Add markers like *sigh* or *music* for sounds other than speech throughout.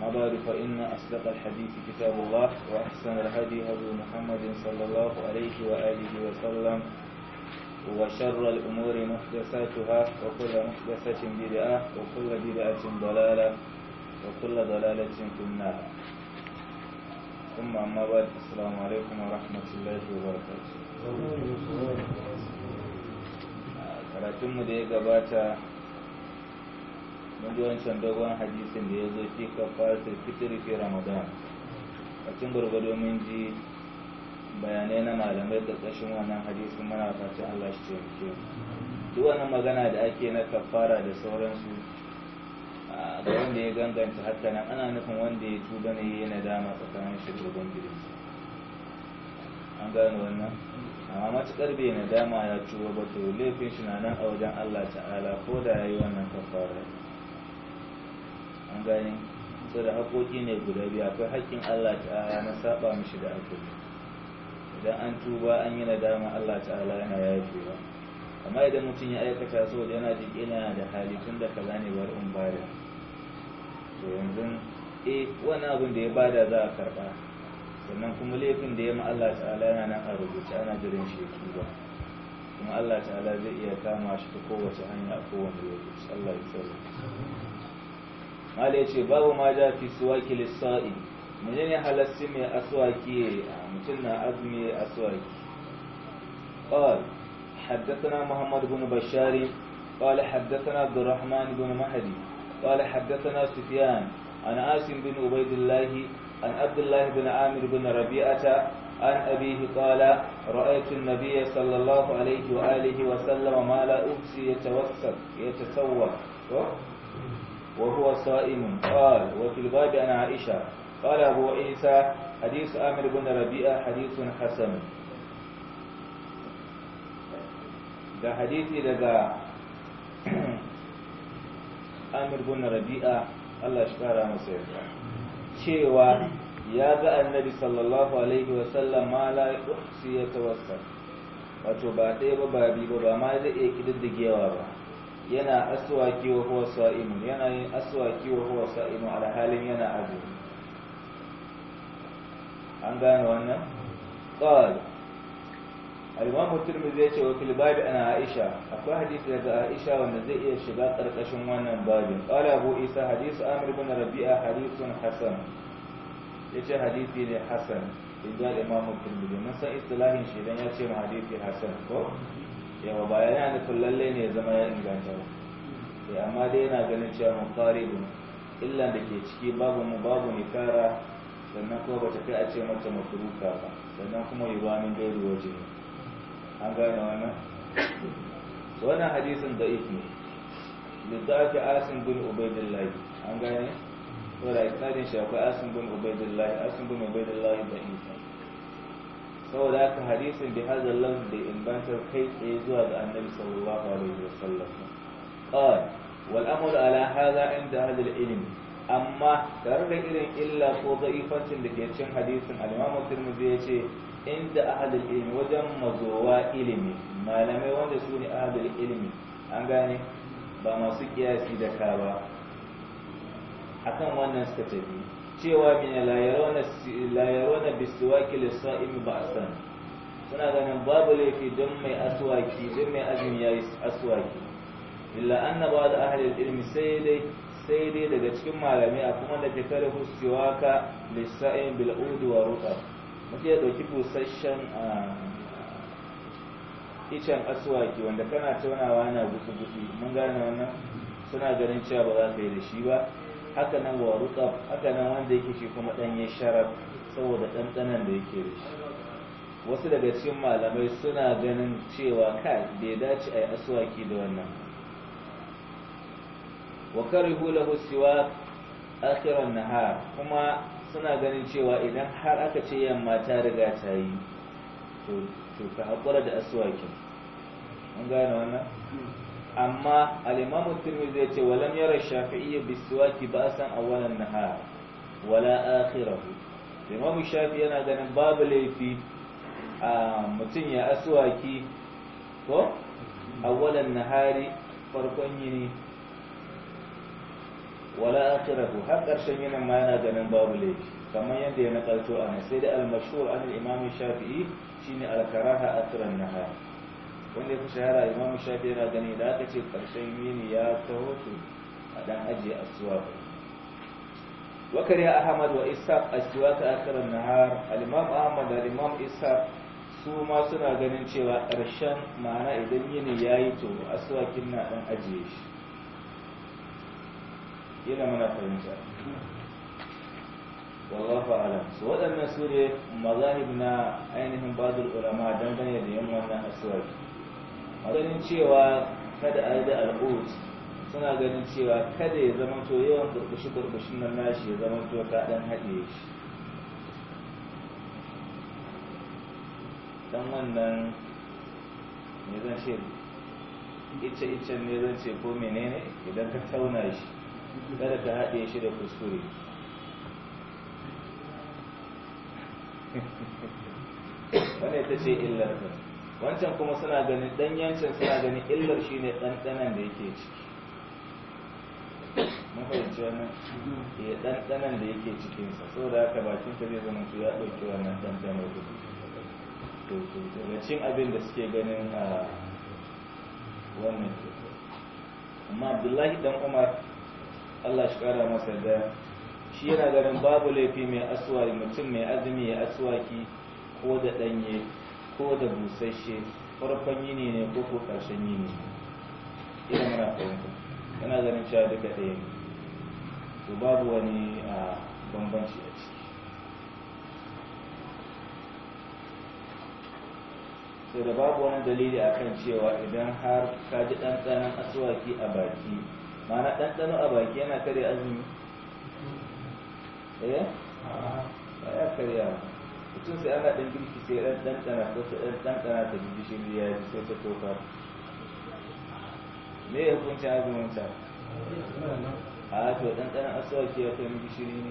ما بعد فإن أصدق الحديث كتاب الله وأحسن الهدي هدي محمد صلى الله عليه وآله وسلم وشر الأمور محدثاتها وكل محدثة بدعة وكل بدعة ضلالة وكل ضلالة في النار ثم أما بعد السلام عليكم ورحمة الله وبركاته karatunmu da ya mun wancan dogon hadisin da ya zo shi kafaratul fitri fi ramadan a cikin gurgudu mun ji bayanai na malamai da ƙarshen wannan hadisin muna fatan Allah shi ke. duk wani magana da ake na kafara da sauransu ga wanda ya ganganta hatta nan ana nufin wanda ya tuba ne yana dama tsakanin shi da ubangiji an gane wannan amma matuƙar bai nadama ya tuba ba to laifin shi na nan a wajen Allah ta'ala ko da ya yi wannan kafara an gane so da haƙoƙi ne guda biyu akwai haƙƙin Allah ta'ala na saba mishi da haƙoƙi idan an tuba an yi nadama Allah ta'ala yana yafewa amma idan mutum ya aikata saboda yana jin yana da hali tun da kaza ne bar in bada to yanzu eh wani abin da ya bada za a karɓa sannan kuma laifin da ya ma Allah ta'ala yana nan a rubuce ana jiran shi tuba kuma Allah ta'ala zai iya kama shi ta kowace hanya a kowane lokaci Allah ya tsare mali ya ce babu ma ja fi suwaki lissa'i mene ne halassi mai asuwaki a mutum na azumi asuwaki ƙwal haddasana muhammad bin bashari ƙwal haddasana abu rahman bin mahadi ƙwal haddasana sufiyan an asin bin ubaidullahi an abdullahi bin amir bin rabi'ata an abihi ƙwala ra'aitun nabiya sallallahu alaihi wa wa sallama mala uksi ya tawassar ya tasawwa وهو صائم قال وفي الباب عن عائشة قال أبو عيسى حديث آمر بن ربيعة حديث حسن ده حديثي لذا *clears throat* آمر بن ربيعة الله شكرا مسيرا شيوا ya ga annabi sallallahu alaihi wasallam ma la uhsi yatawassal wato ba ɗaya ba ba biyu ba ba ma zai iya kididdigewa ba yana aswaki wa huwa sa'imun yana yin aswaki wa huwa sa'imun alhalin yana azumi an gane wannan qal al-imam at-tirmidhi yace wa fil bab ana aisha akwai hadisi daga aisha wanda zai iya shiga karkashin wannan babin qala abu isa hadis amir ibn rabi'a hadithun hasan yace hadisi ne hasan idan imam at-tirmidhi mun san istilahin shi dan yace ma hadisi hasan ko yawa ba yana nufin lalle ne ya zama ya inganta ba ya eh, amma dai yana ganin cewa muqaribun illan da ke ciki babu mu babu kara sannan kuma bata kai a ce mata mafuruka ba sannan kuma min gairu waje an gane wannan wannan hadisin da ne littafi asin bin ubaidillahi an gane wala ikadin shi akwai asin bin ubaidillahi asim bin ubaidillahi da ifa saboda haka hadisin bi hadal lafz da ingantar kai tsaye zuwa ga annabi sallallahu alaihi wasallam qala wal amru ala hadha inda hadal ilm amma tare da irin illa ko da'ifancin da ke cin hadisin al-imam tirmidhi yace inda ahadul ilmi wajen mazowa ilimi malamai wanda su ne ahadul ilimi an gane ba masu kiyasi da ka ba akan wannan suka tafi cewa min la yarawna bisiwaki lisa'imi ba'san suna ganin babu laifi don mai aswaki don mai azumi yayi aswaki illa anna ba'd ahli al-ilm sai dai sai dai daga cikin malamai a kuma da fikar husiwaka lisa'im bil udu wa ruqa mutum dauki busasshen icen aswaki wanda kana taunawa na gutsu-gutsu mun gane wannan suna ganin cewa ba za ka yi da shi ba haka nan wa rutsaf haka nan wanda yake shi kuma yi sharaf saboda ɗanɗanan da yake da shi wasu daga cikin malamai suna ganin cewa kai bai dace a yi aswaki da wannan wa karihu lahu siwa akhiran nahar kuma suna ganin cewa idan har aka ce yamma ta riga ta yi to ka hakura da aswaki an gane wannan amma al-imam at-tirmidhi ya ce walam yara shafi'i san ba'san awwalan nahar wala akhirahu imam shafi yana ganin babu laifi a mutum ya aswaki ko awwalan nahari farkon yini wala akhirahu har karshen yinin ma yana ganin babu laifi kamar yadda ya nakalto a sai dai al-mashhur an al-imam shafi'i shine al-karaha akhiran nahari wanda ya fi shahara imamu shafi yana gani da aka ce ƙarshen yini ya taho to a ɗan ajiye asuwa وكره أحمد وإسحاق السواك آخر النهار الإمام أحمد والإمام إسحاق su ma suna ganin cewa ƙarshen ma'ana idan yini ya yi to asuwakin na ɗan ajiye shi yana mana fahimta wallahu alam su waɗannan su ne mazahib na ainihin badul ulama dangane da yin wannan asuwaki a ganin cewa kada a yi da al'ud suna ganin cewa kada ya zama to yawan burbushi burbushin nan nashi ya zama to ka dan haɗe shi dan wannan ne zan ce icce iccen ne zan ce ko menene idan ka tauna shi kada ka haɗe shi da kuskure *laughs* wani ita ce illar ka wancan kuma suna ganin ɗanyancin suna ganin illar shi ne ɗanɗanan da yake ciki mafahimci wannan ya eh, ɗanɗanan da yake cikinsa sau da haka ta zai zama su ya ɗauki wannan ɗanɗanar da daga cin abin da suke ganin a ah, wannan amma abdullahi dan umar allah shi kara masa da shi yana ganin babu laifi mai asuwa mutum mai azumi ya asuwaki ko da ɗanye ko da busasshe farkon yini ne ko ko karshen yini ne ina muna fahimta yana ganin cewa duka ɗaya ne to babu wani a bambanci a ciki sai da babu wani dalili akan cewa idan har ka ji ɗanɗanon asuwaki a baki mana ɗanɗano a baki yana karya azumi eh ba ya karya mutum sai ana ɗan girki sai ɗan ɗanɗana ko sai ɗan ɗanɗana ta jiji shi ya yi sai ta tofa me ya hukunci azumin ta a to ɗanɗana asuwaki ya kai miji shiri ne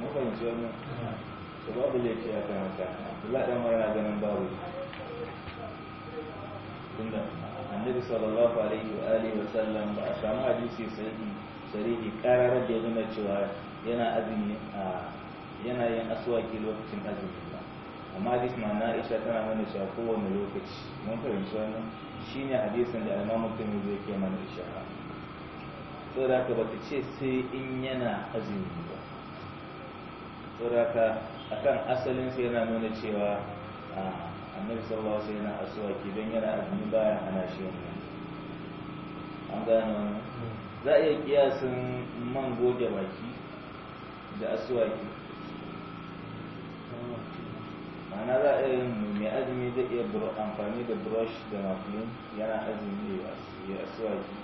mun fahimci wani, su babu laifi a kan haka abdullahi ɗan mara ganin babu tunda annabi sallallahu alaihi wa alihi wa sallam ba a samu hadisi sahihi sarihi karar da ya nuna cewa yana azumi a yana yin aswaki lokacin azumi ba amma hadis ma na tana mana cewa kowane lokaci mun fahimci wannan shine hadisin da imamu zai yake mana to da ka bata ce sai in yana azumi ba da ka akan asalin sai yana nuna cewa annabi sallallahu alaihi yana aswaki don yana azumi bayan ana shi an gano hmm. za a iya kiyasin man goge baki da asuwaki. ma'ana za a yi mai azumi zai iya amfani da brush da mafilin yana azumi da yi asuwaki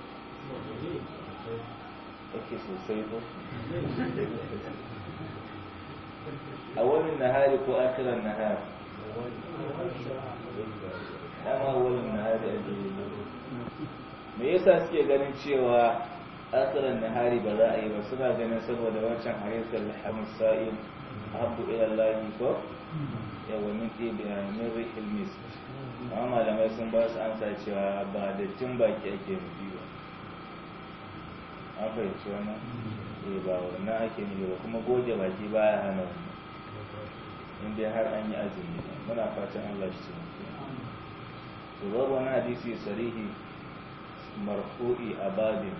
ake sosai ko a wani nahari ko akiran nahari dama wani nahari a jirgin me yasa suke ganin cewa akiran nahari ba za a yi ba suna ganin saboda wancan hanyar da hamsa'in abu ilallahi ko yawa min ɗibiya min rihil mis amma malamai sun ba su amsa cewa ba da tun baki ake nufi ba an fahimci wannan eh ba wannan ake nufi ba kuma goge baki ba ya hana wannan Inda har an yi azumi muna fatan Allah shi to babu wani hadisi sarihi marfu'i a babin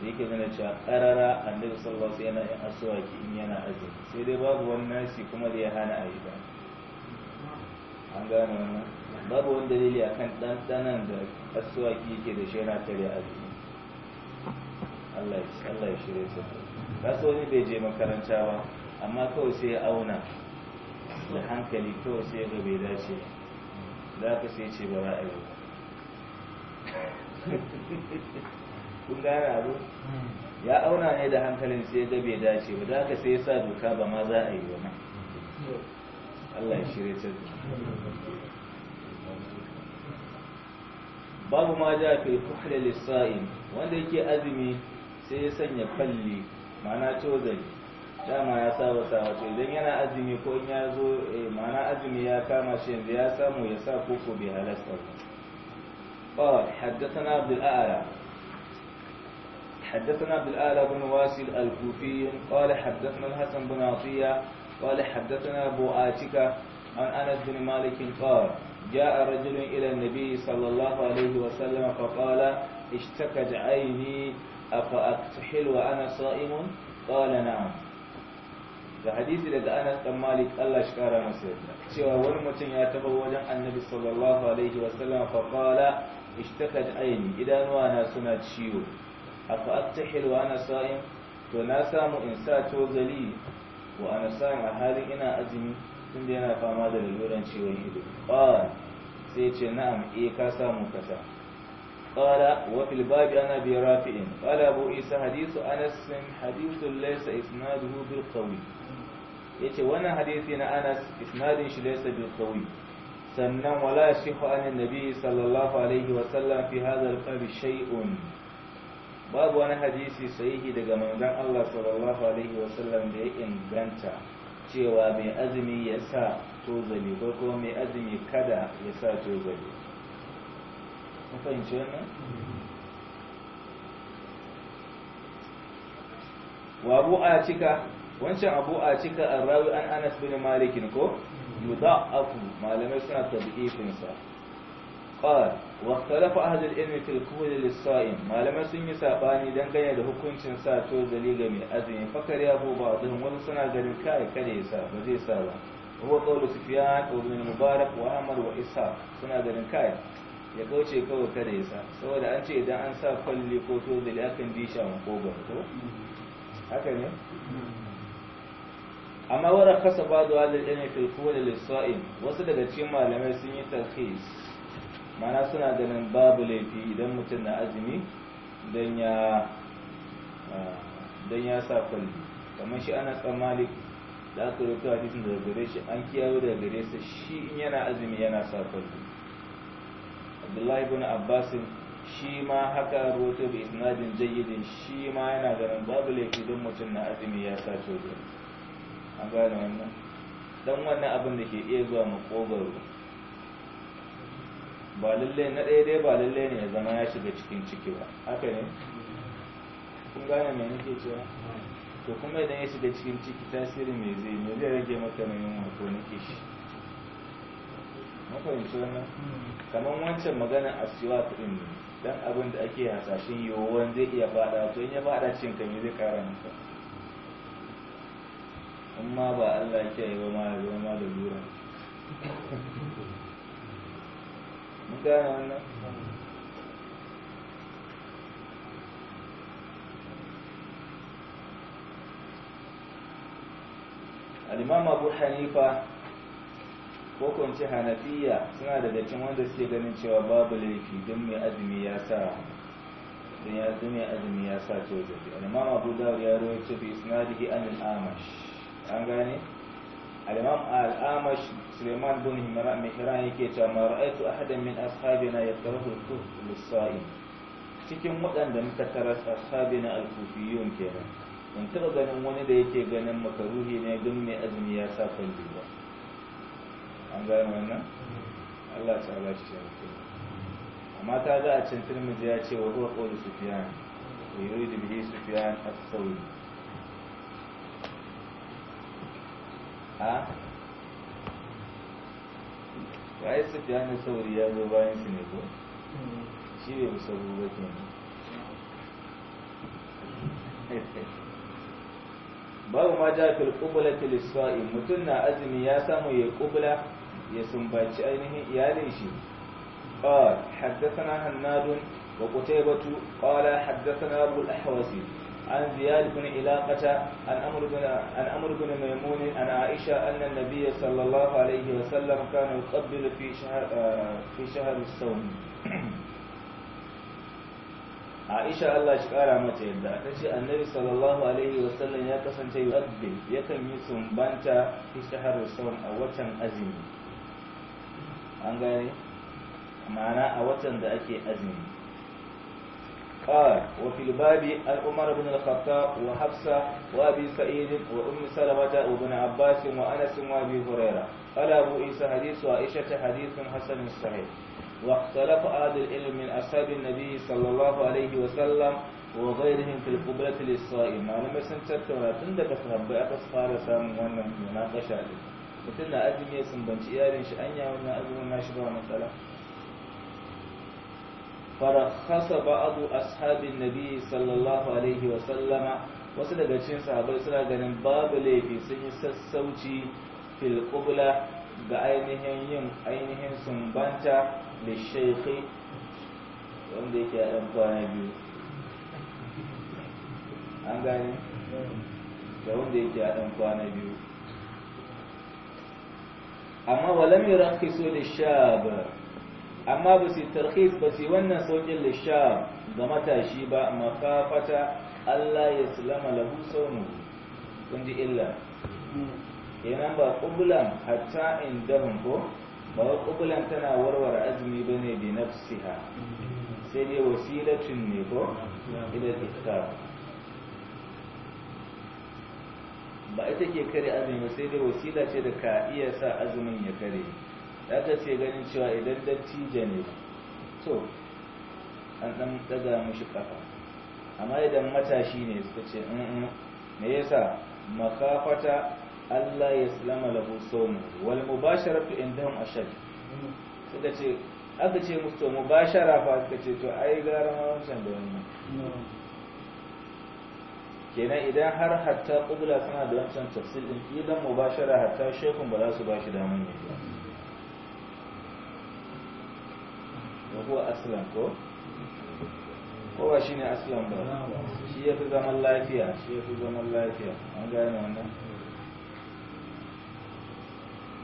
da yake nuna cewa karara annabi sallallahu sai yana yin aswaki in yana aji sai dai babu wani nasi kuma da ya hana a yi ba an gane wannan babu wani dalili a kan ɗanɗanan da aswaki yake da shi yana tare azumi Allah ya shirya ta kasu wani bai je makaranta ba amma kawai sai ya auna da hankali kawai sai ga bai dace za ka sai ce ba ra'ayi ba *laughs* kun gane abu ya auna ne da hankalin sai da bai dace ba da haka sai ya sa doka ba ma za a yi ba Allah ya shirye ta babu ma ja fi kuhle lissa'in wanda yake azumi sai ya sanya falli ma'ana cozali dama ya saba sa wato idan yana azumi ko in ya zo eh, ma'ana azumi ya kama shi yanzu ya samu ya sa koko bai halasta ba قال حدثنا عبد الأعلى حدثنا عبد الآلة بن واسل الكوفي قال حدثنا الحسن بن عطية قال حدثنا أبو آتكة عن أنس بن مالك قال جاء رجل إلى النبي صلى الله عليه وسلم فقال اشتكت عيني أفأكتحل وأنا صائم قال نعم da hadisi daga Anas dan Malik Allah shi kara masa yadda cewa wani mutum ya taba wajen Annabi sallallahu alaihi wasallam fa qala ishtakat aini idanuwa na suna ciwo afa aftahil wa ana sa'im to na samu in sa to tozali wa ana sa'im a halin ina azumi tunda yana fama da laluran ciwon ido qala sai ce na'am eh ka samu kasa qala wa fil babi ana bi rafi'in qala abu isa hadithu anas hadithun laysa isnaduhu bil qawi yace wannan hadisi na anas isnadin shi laysa bil qawi sannan wala shihu anin nabi sallallahu alaihi wa sallam fi hadha al-qab shay'un babu wani hadisi sahihi daga manzon Allah sallallahu alaihi wasallam da ya inganta cewa mai azumi ya sa tozali ko kuma mai azumi kada ya sa tozali mun wannan wa abu a cika wancan abu a cika an rawi an anas bin malikin ko yudha'afu malamai suna tabi'ifinsa قال واختلف أهل العلم في الكهول للصائم ما لم سن ساباني دنگane da hukuncin sa to zali ga mai azumi fakar ya bu ba'dhum suna ganin kai kada ya sa ba zai sa ba huwa qawlu sufyan wa ibn mubarak wa ahmad wa isa suna ganin kai ya kauce kawai kada ya sa saboda an ce idan an sa kwalli ko to akan bi shi a makogon to haka ne amma wara kasa ba da walil ilmi fil kuhul lil sa'im wasu daga cikin malamai sun yi tarhis mana suna ganin babu laifi idan mutum na azumi don ya ah, sa kwalli kamar shi ana tsammali da aka a hadisin da gare shi an kiyaye da gare sa shi in yana azumi yana sa kwalli abdullahi bin abbasin shi ma haka roto da isnadin jayyidin shi ma yana ganin babu laifi don mutum na azumi ya sa coge an gane wannan dan wannan abin da ke iya zuwa makogaro ba lalle na ɗaya dai ba lalle ne ya zama ya shiga cikin ciki ba haka ne kun gane mai nake cewa to kuma idan ya shiga cikin ciki tasiri mai zai ne zai rage maka mai yin wato nake shi mafahimci wannan kamar wancan magana a siwa kuɗin ne dan abin da ake hasashen yiwuwan zai iya fada to in ya fada cin kame zai kara maka amma ba Allah ya yi ba ma da lura gane wannan abu hanifa ko kunci hanafiya suna daga cin wanda suke ganin cewa babu laifi don mai azumi ya sa don ya zume azumi ya sa to Al-Imam abu dawud ya rawaito bi isnadihi an al-Amash. an gane الإمام الأعمش سليمان بن مهران yake cewa ma ra'aytu ahadan min ashabina yakrahu al-kuf cikin waɗanda muka tara ashabina al-kufiyun kenan mun taba ganin wani da yake ganin makaruhi ne dun mai azumi ya sa kan ba an gane wannan Allah ta ala shi amma ta ga a cin turmizi ya ce wa huwa qawlu sufyan yuridu bihi sufyan as-sawri a waye su fiya na sauri ya zo bayan su ne shi babu ma ja fil kubula mutum na azumi ya samu ya kubula ya sumbaci ainihin iyalin shi قال حدثنا هناد وقتيبة قال حدثنا أبو الأحوصي عن زياد بن علاقة عن أمر بن ميمون عن عائشة أن النبي صلى الله عليه وسلم كان يقبل في شهر في شهر الصوم Aisha Allah shi kara mata yadda ta ce annabi sallallahu alaihi wasallam ya kasance yu'addil yakan yi sumbanta fi shahar sawan a watan azumi ma'ana a watan da ake azumi قال وفي الباب عمر بن الخطاب وحفصة وأبي سعيد وأم سلمة وابن عباس وأنس وأبي هريرة قال أبو عيسى حديث وعائشة حديث حسن صحيح واختلف أهل العلم من أصحاب النبي صلى الله عليه وسلم وغيرهم في القبلة للصائم أنا معلومة سنتتونا تندك صحبة أقصفار سامن وانا مناقشة mutum na azumi ya sumbanci iyalin shi anya wannan azumin nashi ba matsala فرخص بعض أصحاب النبي صلى الله عليه وسلم wasu daga cikin sahabbai suna ganin babu laifi sun yi sassauci fil qubla ga ainihin yin ainihin sumbanta da shaikhi wanda yake a ɗan kwana biyu an gani da wanda yake a ɗan kwana biyu amma walam yaran so da shaba amma ba su tarhif ba su wannan saukin lisham ga matashi ba makafata Allah ya sulama lahu saunu kun ji illa nan ba ƙubulan hatta indahun ko ba wa ƙubulan tana warware azumi ba ne bi siha sai dai wasilatun ne ko ila ta ba ita ke kare azumi sai dai wasila ce da ka iya sa azumin ya kare da ta ce ganin cewa idan dattijo ne to an dan daga mushi kafa amma idan matashi ne suka ce me yasa makafata Allah ya salama lahu saumu wal mubasharatu indahum ashad suka ce aka ce musu to mubashara fa suka ce to ai gara ma wancan da wannan kenan idan har hatta kubla suna da wancan tafsir din idan mubashara hatta shekun ba za su ba shi damun ne wa aslam ko ko ba shine aslam ba shi ya fi zaman lafiya shi ya fi zaman lafiya an gane wannan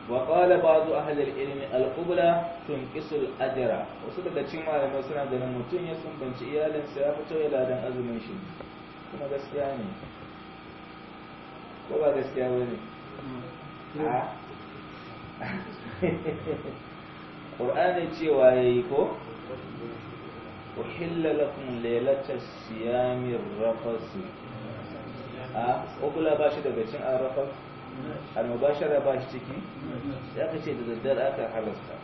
وقال بعض أهل العلم tun تنقص الأجر wasu daga cikin malamai suna ganin mutum ya sumbanci iyalinsa ya fito ya ladan azumin shi kuma gaskiya ne ko ba gaskiya ba ne hmm. *laughs* *laughs* Qur'ani cewa ya yi ko uhilla lakum lailatas siyamir rafas a ukula ba shi daga cin arafas almubashara ba shi ciki ya aka ce da daddare aka halasta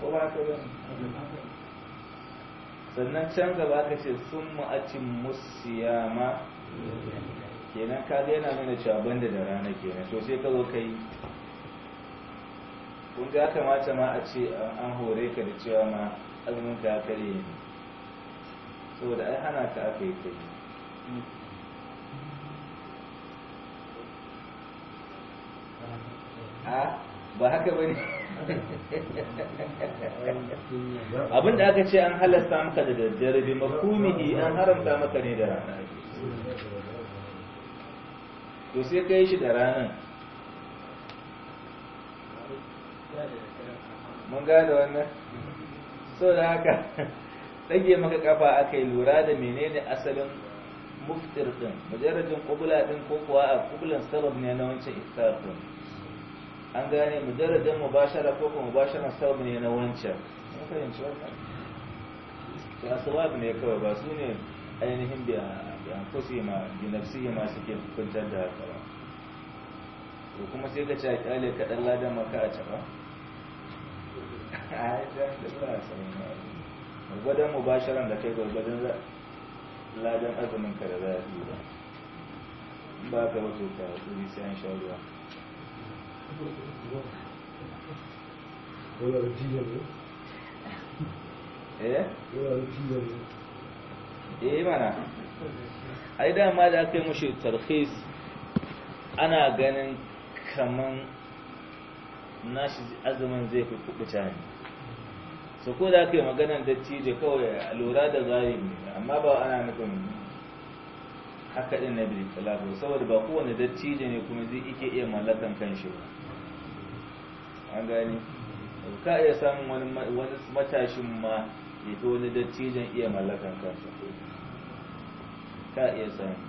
ko ba ka ba sannan can gaba ka ce sun ma'acin musiyama kenan kaga yana nuna cewa banda da rana kenan to sai ka zo kai kun ga kamata ma a ce an hore ka da cewa ma azumin ka kare ne saboda ai hana ka aka yi kai a ba haka bane *laughs* abin da aka ce an halasta maka da daddare bi makumihi an haramta maka ne da rana to sai ka yi shi da ranar mun gada wannan so da haka *laughs* ɗage maka kafa aka yi lura da menene asalin muftir ɗin majarajin kubula ɗin ko kuwa a kubulan sabab ne na wancan iftar ɗin an gane majarajin mubashara ko kuma mubasharan sabab ne na wancan Ya fahimci wannan ta sabab ne kawai ba su ne ainihin ya kusa kusi ma bi nafsihi ma suke kuntar da haka ba kuma sai ka ci a kyale ka ɗan ladan maka a ba. gwadon mubasharan da kai gwargwadon ladan azumin ka da za a yi ba ba ka wato ka turi sai an sha ruwa eh? eh mana ai dama da aka yi mashi tarhis ana ganin kaman nashi azumin zai fi kubuta ne su ko da kai maganar dattijo kawai a lura da zalimi amma ba ana nufin haka din na biyu talab saboda ba kowane dattijo ne kuma zai ike iya mallakan kanshi ba an gani ka iya samun wani matashin ma ya fi wani dattijon iya mallakan shi ka iya samun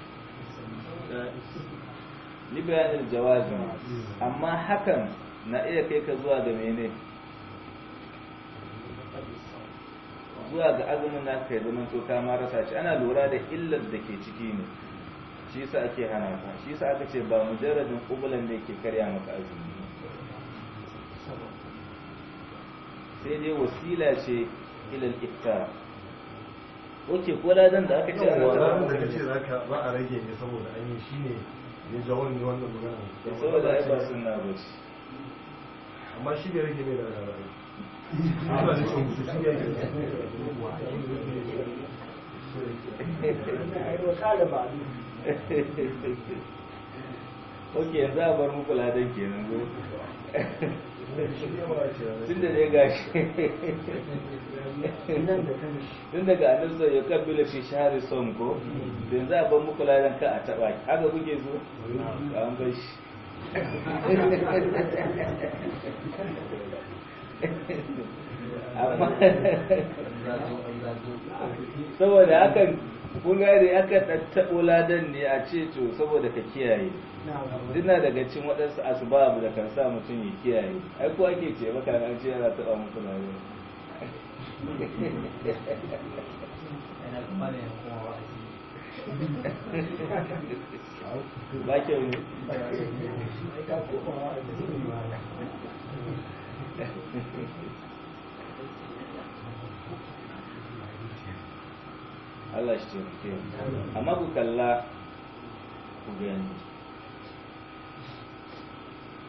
Ni bayanin jawazi amma hakan na iya kai ka zuwa ga mene zuwa ga azumin na kai yi zaman to ka ma rasa shi ana lura da illar da ke ciki ne shi sa ake hana ka shi sa aka ce ba mujarradin kubulan da yake karya maka azumi sai dai wasila ce ilal iftar oke ko ladan da aka ce a da ba a rage ne saboda an yi shi ne jawon ne wannan magana da eh, saboda ai ba na amma shi ne rage *laughs* ne da ne ne yanzu a bar muku ladan kenan zo. *laughs* tun da ne gashi tun daga annabta ya kabbila fi shahari son ko don za a ban muku ladan ka a taba haka kuke so ka an bai shi *laughs* saboda hakan kun aka tattaɓo ladan ne a ce to saboda ka kiyaye dina daga cin waɗansu asbabu da kan sa mutum ya kiyaye ai ko ake ce maka an ce yana taɓa muku na ne Allah shi taimake mu amma ku kalla ku gani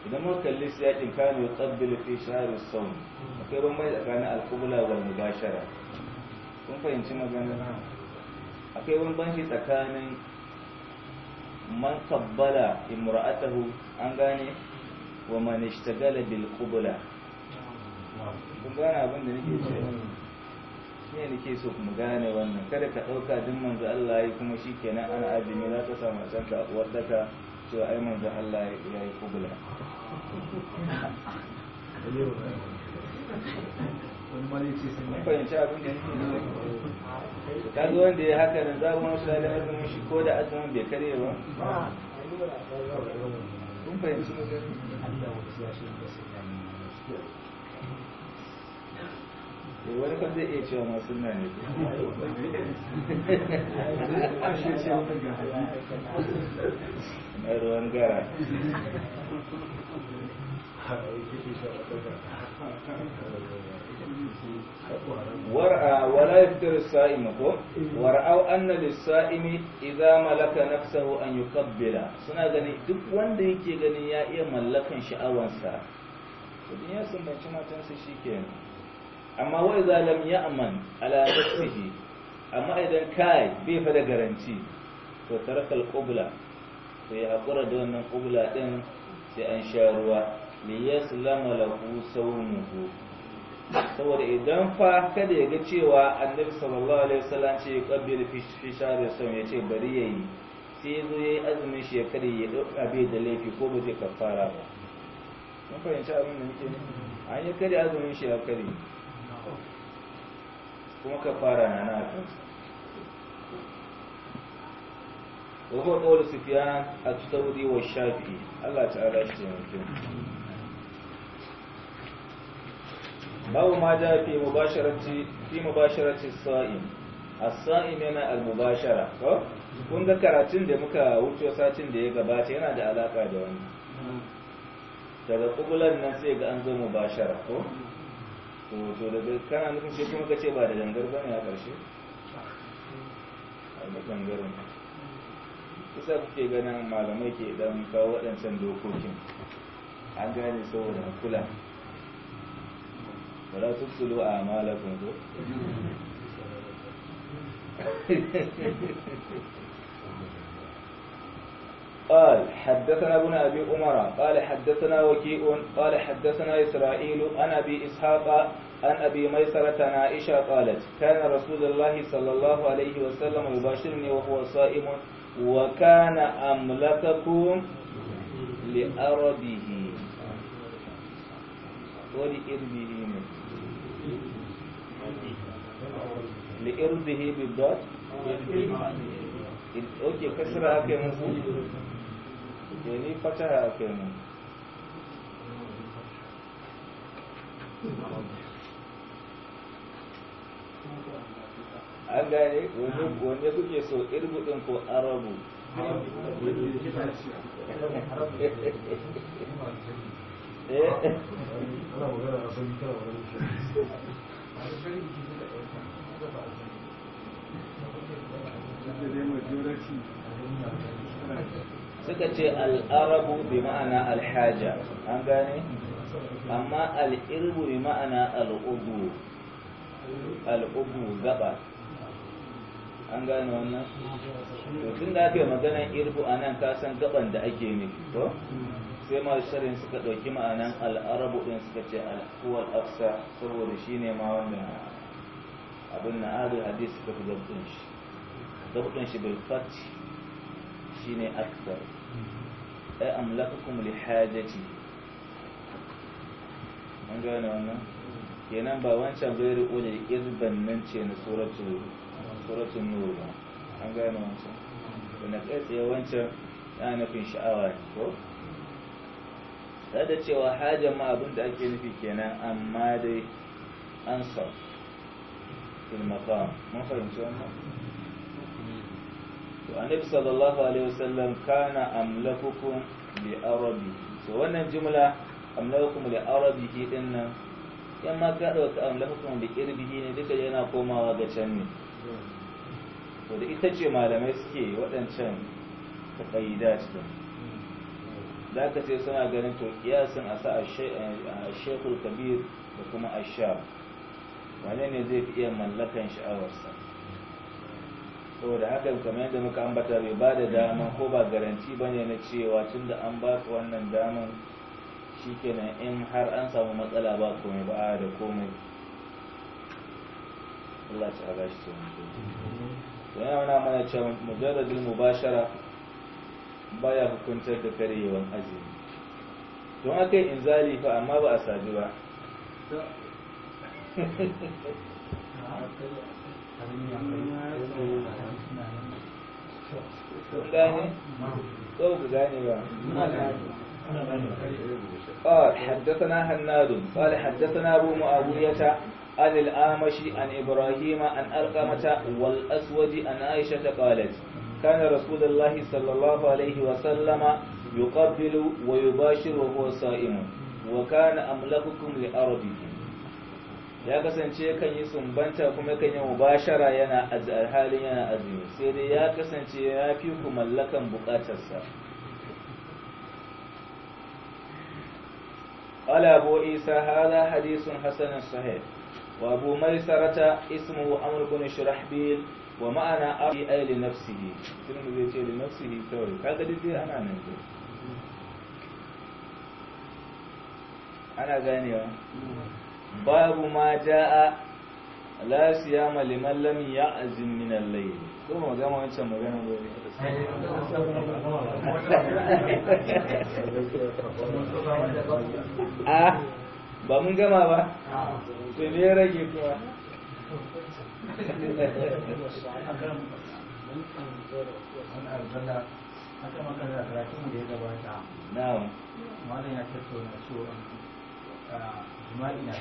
idan muka kalli yaƙin kano ya tsabbila fi shaharar sauni akwai bambai tsakanin alkubula wal mubashara kun fahimci magana na? akwai bambanci tsakanin man kabbala imra'atahu an gane wa man ishtagala bil qubla kun gane abin da nake cewa ne nake so mu gane wannan kada ka ɗauka duk manzo Allah ya kuma shi kenan ana azumi za ka samu sanka a uwar daka cewa ai manzo Allah ya yi kubula fahimci abin da yake ta zo wanda ya haka da zaɓin wasu da azumin shi ko da azumin bai kare ba kun fahimci da allah wani kan zai iya cewa ma sunna ne na ruwan gara ورأى ولا يفتر الصائم ورأوا duk wanda yake gani ya iya mallakan sha'awansa to ya sun bace matan sa shikenan amma wai zalam ya aman ala nafsihi amma idan kai bai fa da garanti to tarakal qubla to ya hakura da wannan qubla din sai an sha ruwa li yaslama lahu sawmuhu saboda idan fa kada ya ga cewa annabi sallallahu alaihi wasallam ce qabbil fi shari sun ya ce bari yayi sai zo yayi azumin shi ya kada ya dauka bai da laifi ko ba zai kafara ba mun fahimci abin da muke an yi kare azumin shi ya kare kuma ka fara na na kansa wa huwa sufiya a cuta wuri wa shafi'i Allah ala shi ce babu ma ja fi mubasharati fi mubasharati sa'im as-sa'im yana al-mubashara ko kun ga karatun da muka wuce satin da ya gabata yana da alaka da wani daga kubulan nan sai ga an zo mubashara ko to da kana nufin shi kuma ka ce ba da dangar ba ne a ƙarshe a da kusa kuke ganin malamai ke dan kawo waɗancan dokokin an gane saboda kula wala tubsulu a malakun ko *laughs* قال حدثنا ابن أبي أمرة قال حدثنا وكيء قال حدثنا إسرائيل عن أبي إسحاق عن أبي ميسرة عائشة قالت كان رسول الله صلى الله عليه وسلم يباشرني وهو صائم وكان أملككم لأرضه ولإرضه منه لإرضه بالضبط أوكي كسرها أكي Ele fata a pena. An gane kuke so irgudin ko arabu. you. Eh? suka ce al'arabu bi ma'ana alhaja an gane amma al'irbu bi ma'ana al'ubu al'ubu gaba an gane wannan to tun da ake maganan irbu a nan kasan gaban da ake nufi to sai masu sharin suka ɗauki ma'anan al'arabu ɗin suka ce al'uwar afsa saboda shi ne ma wanda abin na adil hadis suka fi gabdun shi gabdun shi bai fati shine akbar ai amlakakum li hajati an gane wannan kenan ba wancan gairu ko da irban nan ce na suratul suratul nur ba an gane wancan wanda kai tsaye wancan ya nufin sha'awa ne ko da cewa hajjan ma abin da ake nufi kenan amma dai an sau fil maqam mun fahimci wannan to annabi sallallahu alaihi wasallam kana amlakukum li arabi so wannan jumla amlakukum li arabi din nan yan ma ka dauka amlakukum bi irbihi ne duka yana komawa ga can ne to da ita ce malamai suke waɗancan kaida din da ka ce suna ganin to kiyasin a sa a shekul kabir da kuma ashab wane ne zai fi iya mallakan sha'awarsa saboda haka kamar yadda muka ambata bai ba da dama, ko ba garanti ba ne na cewa tun da an ba su wannan daman shi kenan in har an samu matsala ba komai ba da komai Allah ta haga shi tun yana mana mana cewa mujarradin mubashara baya hukuntar da karyewan azumi don aka yi inzali fa amma ba a sadu ba Thank *laughs* *laughs* *laughs* gane ko ku gane ba قال حدثنا هناد قال حدثنا أبو معاوية عن الأعمش عن إبراهيم عن أرقمة والأسود عن عائشة قالت كان رسول الله صلى الله عليه وسلم يقبل ويباشر وهو صائم وكان أملككم لأرضكم ya kasance kan yi sumbanta kuma kan yi mubashara yana halin yana azumi sai dai ya kasance ya fi ku mallakan bukatarsa qala abu isa hadha hadithun hasan sahih wa abu sarata ismuhu amr bin shurahbil wa ma'ana abi ay li nafsihi tirmidhi ce li nafsihi kawai kaga dai ana nan ana ganewa mm. babu ma ja'a la siyama liman lam ya'zim min al-layl ko mu ga wancan magana ba ne a ba mun gama ba to rage kuma Na'am. Malam ya tattauna jima'i na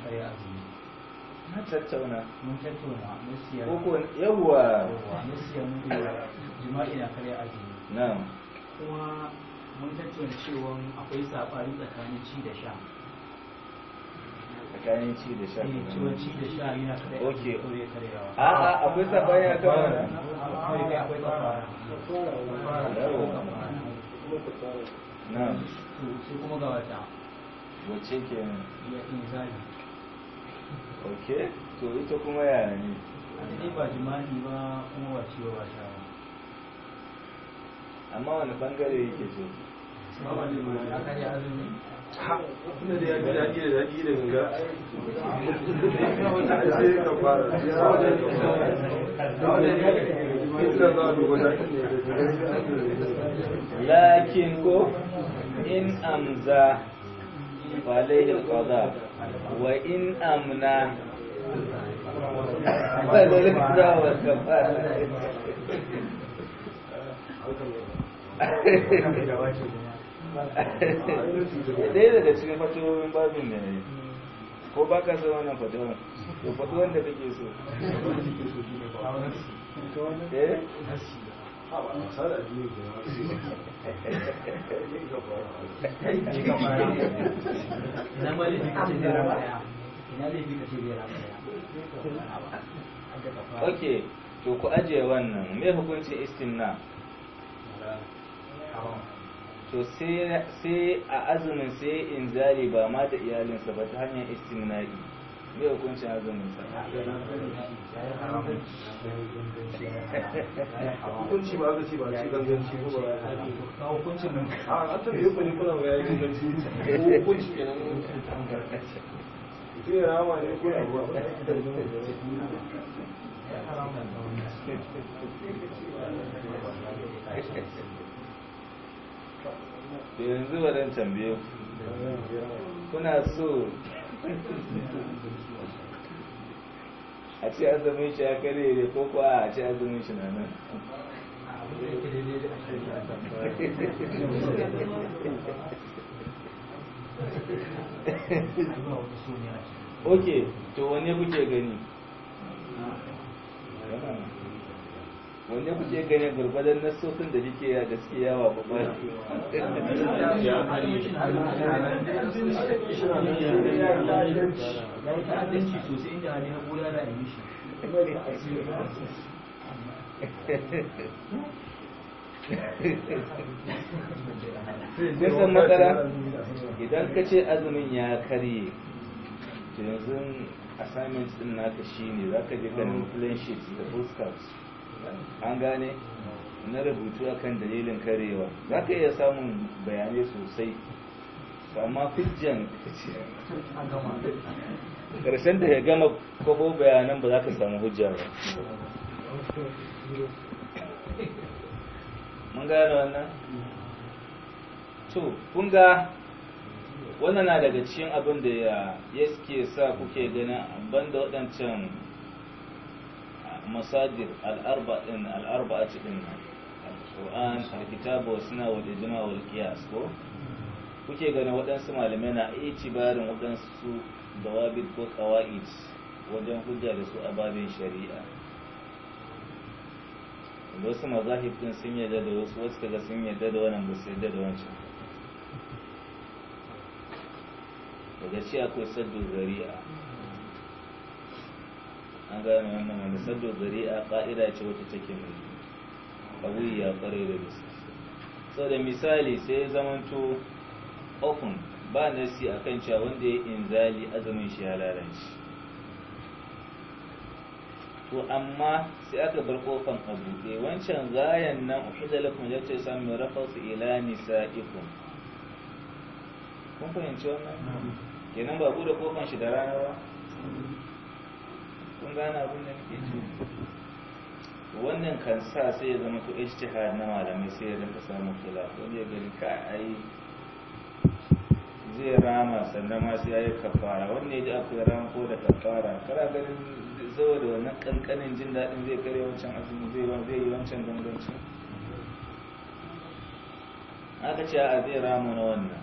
na tattauna mun tattauna na siya ko yawwa na siya mun jima'i na karya azumi na'am kuma mun tattauna cewa akwai sabani tsakanin ci da sha tsakanin ci da sha eh, ciwon ci da sha yana karya ok a a akwai sabani a kan wannan akwai akwai kafara na'am sai kuma ga wata wacce ke ok to ita kuma yaya ne ne ba ba kuma ba ciwo ba sha ba amma wani bangare yake ce lakin ko in amza عليه القضاء وإن أمنع فللقضاء والكفارة da daga cikin fatoyin babin da ne ko ba ka zama na fatowar to fatowar da kake so ok to ku ajiye wannan me hukuncin istimna to sai a azumin sai in zari ba ma da iyalinsa ba ta hanyar istimna'i me hukunci ya zo hukunci ba aka ce ba ci ko ba hukunci nan a yi kuli kuna ba ya yi hukunci ke nan rama ne ko yanzu kuna so a ce azumin shi ya kare da ko kuwa a ce azumin shi na nan *laughs* ok to wane kuke gani wanne kuke gane gurbadan nasosin da kike ya gaske yawa ba ba Nisan matsala idan ka ce azumin ya karye yanzu assignment din naka shine za ka je ganin plan sheets da postcards an gane na rubutu akan dalilin karewa za ka iya samun bayanai sosai amma fijiyan karshen da ya gama kwabo bayanan ba za ka samu hujja ba mun gane wannan to kun ga wannan na daga cikin abin da ya suke sa kuke gani ban da waɗancan masajir al'arba'in al'arba'a cikin al'ur'an alkitabu suna wadda jima wal qiyas ko kuke ganin waɗansu malamai na iya barin waɗansu dawabit ko qawaid wajen hujja da su a babin shari'a wasu mazahib din sun yarda da wasu wasu kaga sun yarda da wannan ba su yarda da wancan daga ci akwai saddu zari'a an gane wannan wanda saddo zari'a ka'ida ce wata take mai ya kware da gaske so da misali sai ya zamanto ofin ba nasi a kan cewa wanda ya inzali azumin shi ya lalace to amma sai aka bar kofan a buɗe wancan gayan nan uhidalakum ya ce samun rafasu ila nisa'ikum kun fahimci wannan kenan ba bude kofan shi da rana ba gane abin da ce wannan kan sa sai ya zama to ijtihad na malamai sai ya rinka samun kula wani ya gani ka ai zai rama sannan ma sai ya kafara wannan ya ji akwai rama ko da kafara kara ganin da wannan kankanin jin daɗin zai kare wancan azumi zai yi wancan gangancin aka ce a zai rama na wannan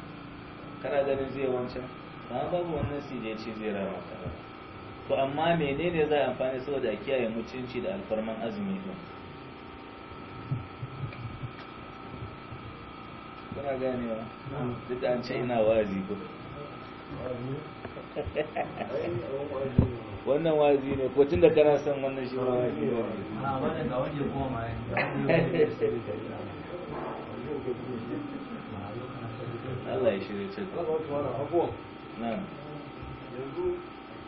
kara ganin zai wancan ba babu wannan sije ya ce zai rama kaza to amma menene za a amfani saboda a kiyaye mutunci da alfarman azumi to kuna wa? duk an ce ina wazi ko wannan wazi ne ko tun da kana son wannan shi ma wazi ne a wannan ga waje goma ne *laughs* Allah ya shirye ta.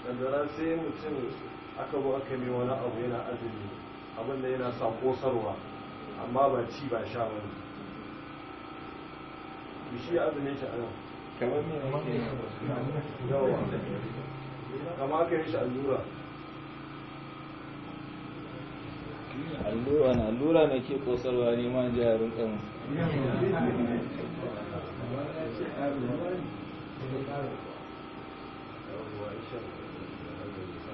daga sai mutum aka bu aka mai wani abu yana azumi abinda yana sa kosarwa amma ba ci ba sha wani shi azumin shi a kama aka yi shi allura allura na allura na ke kosarwa ne man ji a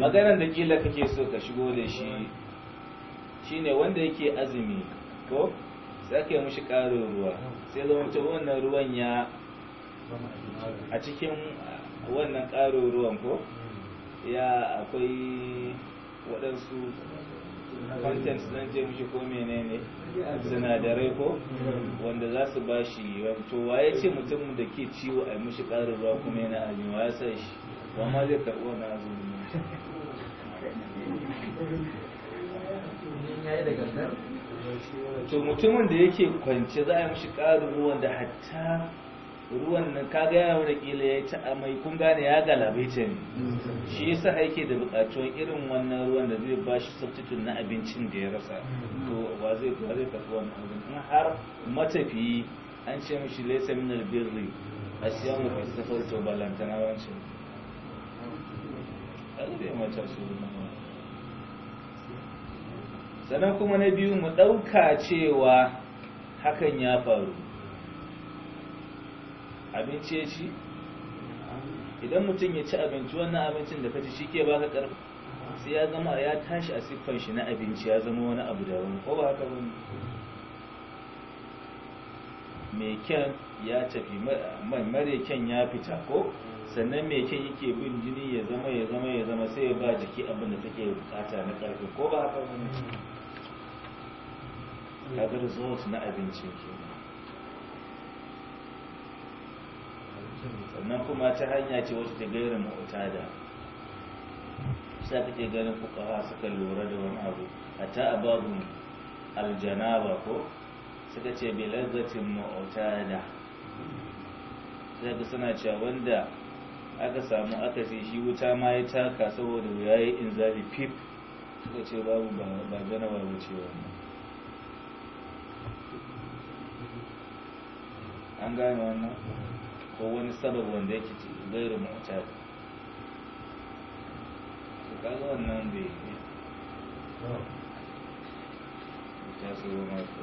maganar da kila kake so ka shigo da shi shine wanda yake azumi ko sake mushi ƙarin ruwa sai zama ta wannan ruwan ya a cikin wannan ƙarin ruwan ko ya akwai waɗansu contents zan ce mishi ko menene sinadarai ko wanda za su ba shi to waye ce mutum da ke ciwo a mishi karin ruwa kuma yana ajin wa ya sa shi ba ma zai karɓi wani azumi to mutumin da yake kwance za a yi mishi karin ruwan da hatta ruwan nan kaga ya wuri kila ya ci amai kun gane ya galabe ce ne shi yasa yake da bukatuwar irin wannan ruwan da zai bashi substitute na abincin da ya rasa to wa zai ba zai tafi wannan abin in har matafiyi an ce mishi laysa min albirri asiyamu fi safar to ballantana wancin albe mata su sannan kuma na biyu mu ɗauka cewa hakan ya faru abinci ya ci idan mutum ya ci abinci wannan abincin da ka shi ke ka karfi sai ya zama ya tashi a siffan shi na abinci ya zama wani abu da wani ko ba haka ba mai kyan ya tafi mare kyan ya fita ko sannan mai kyan yake bin jini ya zama ya zama ya zama sai ya ba jiki abin da take bukata na karfi ko ba haka ba ne mm. kagar zuwa na abinci ke sannan kuma ta hanya ce wasu ta gaira Sa sai kake ganin fuqaha suka lura da wani abu hatta ababun aljanaba ko suka ce bi lazzatin da. sai suna cewa wanda aka samu aka sai shi wuta ma ya taka saboda ya yi inzali pip, suka ce babu ba janaba ba wuce wannan an gane wannan ko wani sababu wanda yake ci gairu mu'tar to kaga wannan bai yi ta tsoro mako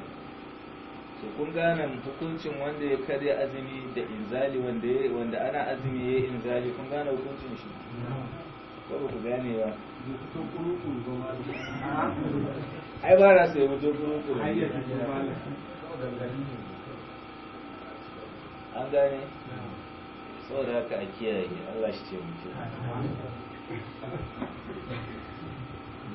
to kun gane hukuncin wanda ya karya azumi da inzali wanda wanda ana azumi ya inzali kun gane hukuncin shi ko ba ku gane ba ai ba ra sai mutum kuru kuru an gane saboda haka a kiyaye Allah shi ce mutu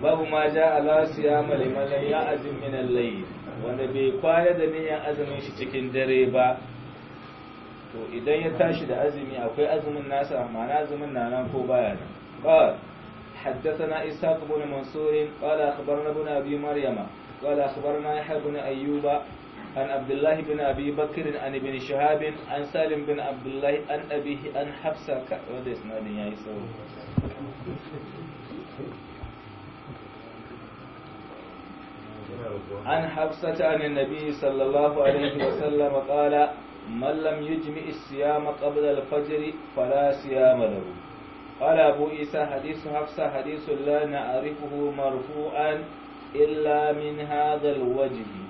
babu ma ja ala siyama liman lam ya'zim min al-layl wanda bai kwaya da niyyar azumin shi cikin dare ba to idan ya tashi da azumi akwai azumin nasa amma na azumin na nan ko baya nan qal حدثنا إسحاق بن منصور قال أخبرنا ابن أبي مريم قال أخبرنا يحيى بن أيوب عن عبد الله بن أبي بكر عن ابن شهاب عن سالم بن عبد الله عن أبيه عن حفصة وهذا إسناد يا يسوع عن حفصة عن النبي صلى الله عليه وسلم قال من لم يجمع الصيام قبل الفجر فلا صيام له قال أبو عيسى حديث حفصة حديث لا نعرفه مرفوعا إلا من هذا الوجه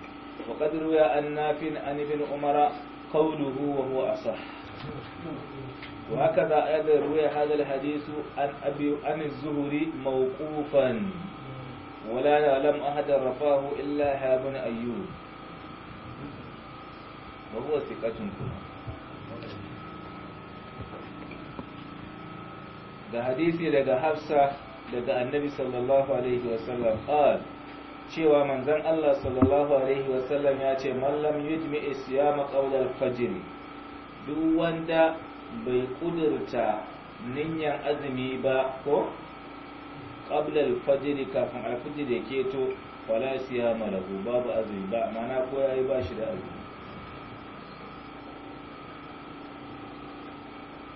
وقد روي عن نافع عن ابن عمر قوله وهو أصح وهكذا أيضا روي هذا الحديث عن أبي عن الزهري موقوفا ولا يعلم أحد رفاه إلا هابن أيوب وهو ثقة كما ده حديثي لدى حفصة لدى النبي صلى الله عليه وسلم قال cewa manzan Allah sallallahu alaihi wasallam ya ce mallam yujmi isyama qawlal fajr duk wanda bai kudurta niyyar azumi ba ko qablal fajr kafin alfajr ya keto fala siyama lahu babu azumi ba mana ko yayi ba shi da azumi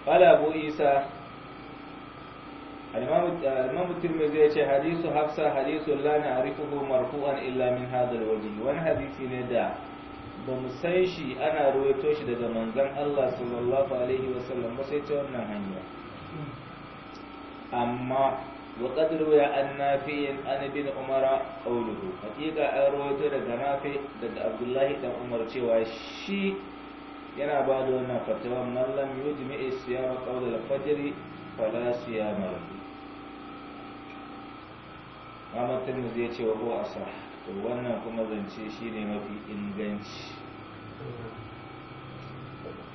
qala abu isa al-imamu zai ce hadisu hafsa hadisu la na'rifuhu marfu'an illa min hadha al-wajh wani hadisi ne da bamu san shi ana ruwaito shi daga manzon Allah sallallahu alaihi sai ta wannan hanya amma وقد روي عن نافع عن ابن عمر قوله حقيقه an rawaito daga nafi daga abdullahi dan umar cewa shi yana ba da wannan fatawa mallam yujmi isyama qawl al-fajr fala siyama lahu ramar tirmiz zai ce wa ko a sa to wannan kuma zance shi ne mafi inganci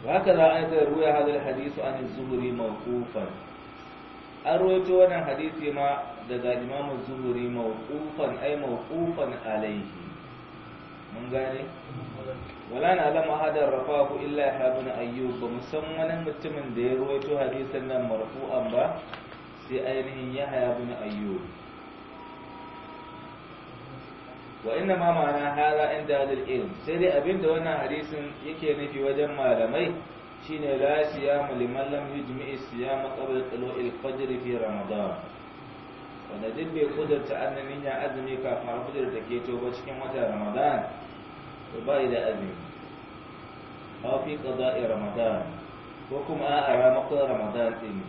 ka za a yi da ruwa hada hadisu a an zuhuri maukufan. an roto wannan hadisi ma daga imamu zuhuri maukufan ai maukufan alaihi mun gane wala na alama hadar rafa ku illa ya habu na ayyu musamman mutumin da ya roto hadisan nan marfu'an ba sai ainihin ya habu na ayyuka. wa inna ma ma'ana hada inda hadal ilm sai dai abinda wannan hadisin yake nufi wajen malamai shine la siyama liman lam yujmi'i siyama qabla tulu'il fajr fi ramadan wanda duk bai kudurta annanin ya azumi kafin hafizar da ke to cikin wata ramadan to ba da azumi aw fi qada'i ramadan ko kuma a ramakon ramadan din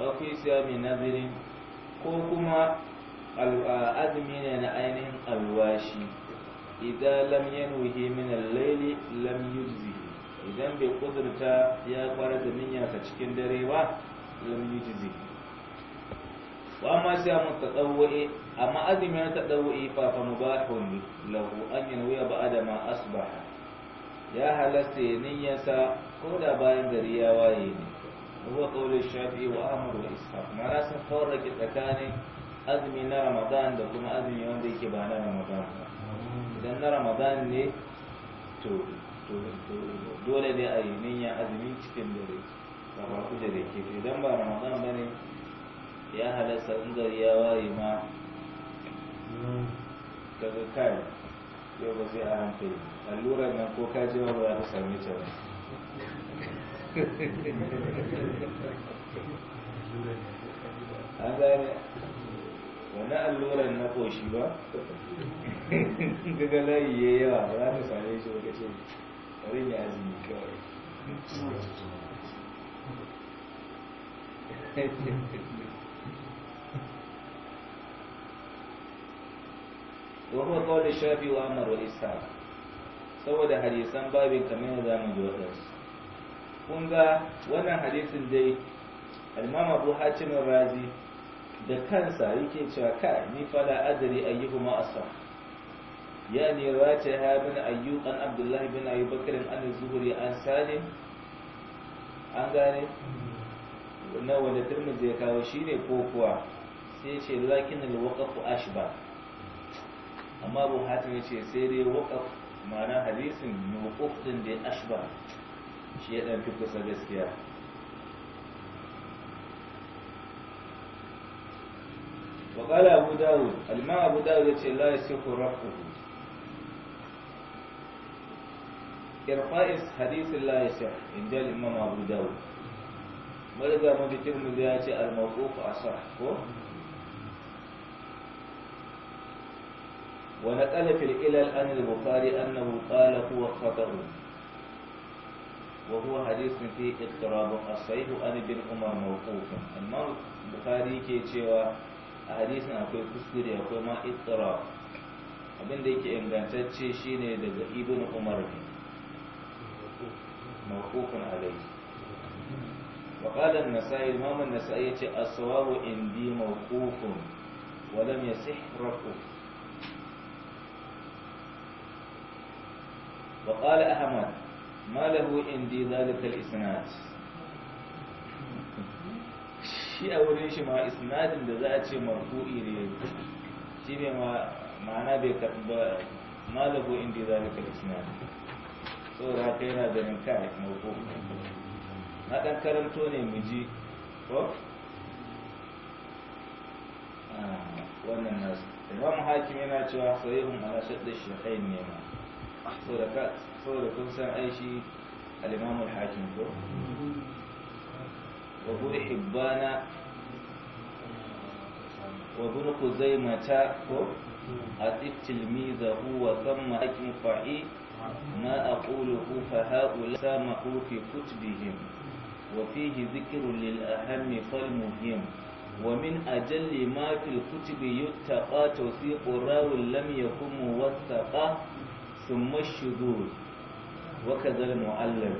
aw fi siyami nadirin ko kuma azumi ne na ainihin alwashi idan lam yanwihi min al-layli lam yujzi idan bai kudurta ya fara da niyyarsa cikin dare ba lam yujzi wa amma sai mu tatawwi amma azumi na tatawwi fa fa mubahun lahu an yanwi ba adama asbaha ya halasta niyyarsa ko da bayan gari ya waye ne huwa qawlu shafi'i wa ahmad ishaq marasa rasan tsakanin azumi na ramadan da kuma azumi wanda yake ba na ramadan idan na ramadan ne to dole ne a yi niyyar azumi cikin dare da farko da dake idan ba ramadan ba ne ya halasta in gari ya waye ma kaga kai yau ba sai a hankali allurar nan ko kaji ma ba za ta ta ba *laughs* an gane wani allurar na koshi ba daga layi ya yawa ba za ta same shi wata ce rin ya zini kawai wahuwa kawai da shafi wa amar wa isa saboda hadisan babin kamar yadda zamu ji waɗansu kun ga wannan hadisin dai al-imam abu hatim razi da kansa yake cewa kai ni fa la adri ayyuhuma asah yani ha bin ayyub an abdullahi bin ayyub bakr an zuhri an salim an gane na wanda tirmidhi ya kawo shine ko kuwa sai ce lakin alwaqaf ashba amma bu hatim yace sai dai waqaf ma'ana hadisin mawquf din da ashba shi ya dan fi kusa gaskiya وقال أبو داود الماء أبو داود يقول لا يصح رفعه إرقائس حديث لا يصح إن جاء الإمام أبو داود ولذا ما بترمذي الموقوف أصح ونقل في الإلل عن البخاري أنه قال هو خطأ وهو حديث فيه اضطراب الصحيح أن ابن عمر موقوف البخاري كي cewa a hadisin akwai kuskure akwai ma ittira abin da yake ingantacce shine daga ibn umar ne mawqufun alayhi wa qala an-nasa'i imam an-nasa'i ce as-sawabu indi mawqufun wa lam yasih rafu wa qala ahmad ما له عندي ذلك الإسناد shi a wurin shi ma isnadin da za a ce marfu'i ne shi ne ma'ana bai karɓa malabu inda zalika isnadin saboda haka yana da ninka a ko na ɗan karanto ne mu ji ko ah, wannan nasu imam hakim yana cewa sahihun ala shadda shahain ne ma da kun san aishi al-imam al-hakim ko وابن حبانا وابن خزيمة أطف تلميذه وثم حكم فعي ما أقوله فهؤلاء سامحوا في كتبهم وفيه ذكر للأهم فالمهم ومن أجل ما في الكتب يتقى توثيق راو لم يكن موثقا ثم الشذوذ وكذا المعلم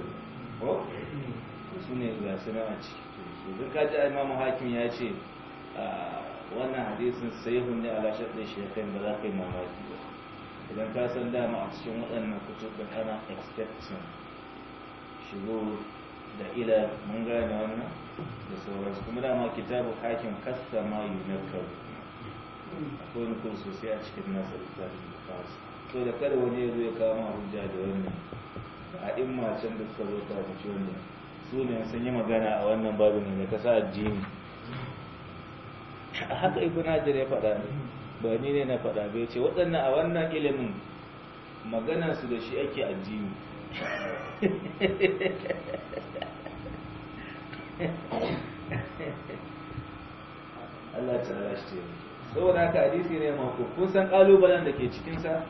سنة الله سنة yanzu ka ji imamu hakim ya ce ah, wannan hadisin sai hunne ala shaɗin shekai ba za ka yi mamaki ba idan ka san dama a cikin waɗannan kutubin ana expecting shigo da ila mun gane wannan da sauransu kuma dama kitabu hakim kasta ma yunakar akwai wani kuma sosai a cikin nasa littafin da kawasu so da kada wani ya zo ya kama hujja da wannan a in macen da suka zo ta ciwon da usulin sun yi magana a wannan babin da sa addini haka ibn hajar ya faɗa ne ba ni ne na faɗa bai ce waɗannan a wannan ilimin maganarsu da shi ake addini Allah ta lashe saboda haka hadisi ne mako kun san kalubalen da ke cikinsa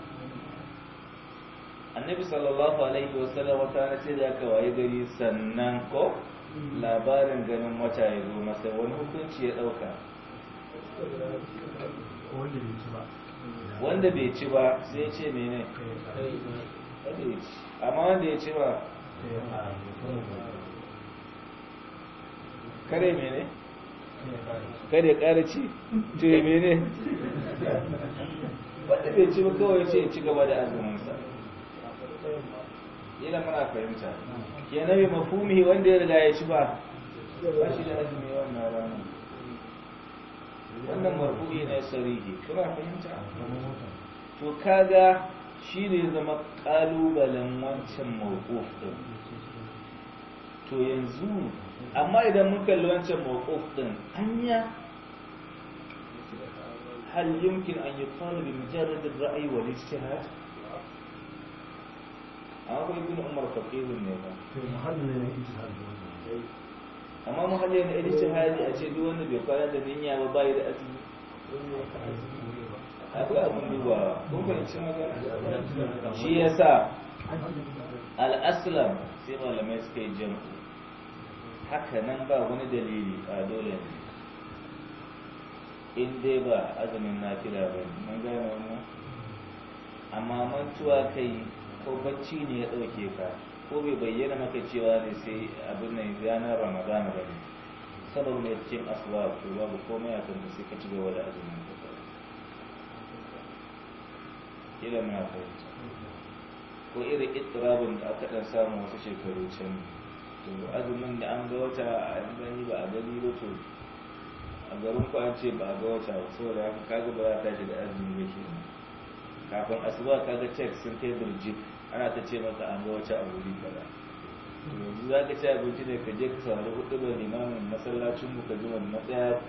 annabi sallallahu alaihi sallam wata rana sai da aka waye gari sannan ko labarin ganin wata ya zo masa wani hukunci ya dauka wanda bai ci ba sai ce mene amma wanda ya ci ba kare mene kare kare ci to mene wanda bai ci ba kawai ce ci gaba da azumin sa yana muna fahimta ke na mai mafumi wanda ya riga ya ci ba ba shi da azumi wannan rana wannan marfu'i ne sarihi kuma fahimta to kaga shi ne zama kalubalen wancan mawquf din to yanzu amma idan mun kalli wancan mawquf din anya hal yumkin an yuqalu bi mujarrad ar-ra'yi wal ijtihad amma kuma ibn umar faqihun ne ba amma muhalli ne idan ce hali a ce duk wanda bai kwana da niyya ba bai da azumi akwai abin duba kun fahimci magana shi yasa al-aslam sai malamai suka yi jam'u haka nan ba wani dalili a dole ne in dai ba azumin na nafila ba mun gane wannan amma mantuwa kai ko bacci ne ya ɗauke ka ko bai bayyana maka cewa ne sai abin nan ranar ramadana ba ne sabab ne cikin asuwa ko babu komai a kan da sai ka ci gaba da azumin ka kila muna fahimta ko irin ittirabin da aka ɗan samu wasu shekaru can to azumin da an ga wata a gani ba a gani ba to a garin ku an ce ba a ga wata ba saboda haka kaga ba za ta da azumi ba ke kafin asuba kaga cek sun kai birjik ana ta ce maka an ga wace a wuri kaza yanzu za ka ci abinci ne ka je ka saurari hudu da limamin masallacin mu ka ji wani matsaya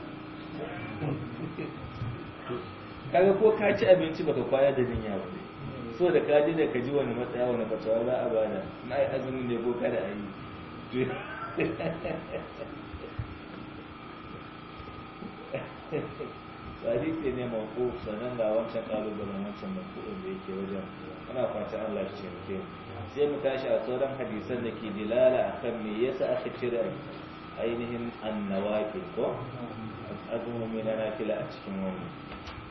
kaga ko ka ci abinci baka kwaya da jinya ba so da ka ji da ka ji wani matsaya wani fatawa za a bada na yi azumin ne ko kada a yi hadisi ne mako sannan ga wancan kalubalen wancan mako da yake wajen muna fata Allah ya taimake mu sai mu tashi a sauran hadisan da ke dilala akan me yasa aka cire ainihin annawaki ko azumi na nafila a cikin wannan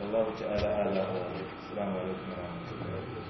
wallahu ta'ala ala wa assalamu alaikum wa rahmatullahi